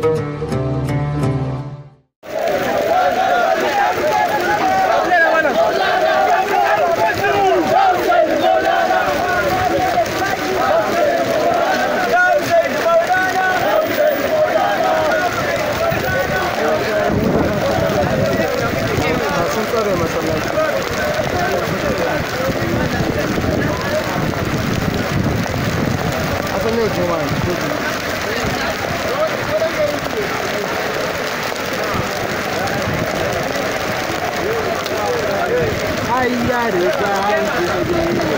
Valeu, Gilmar. 哎呀，这孩子。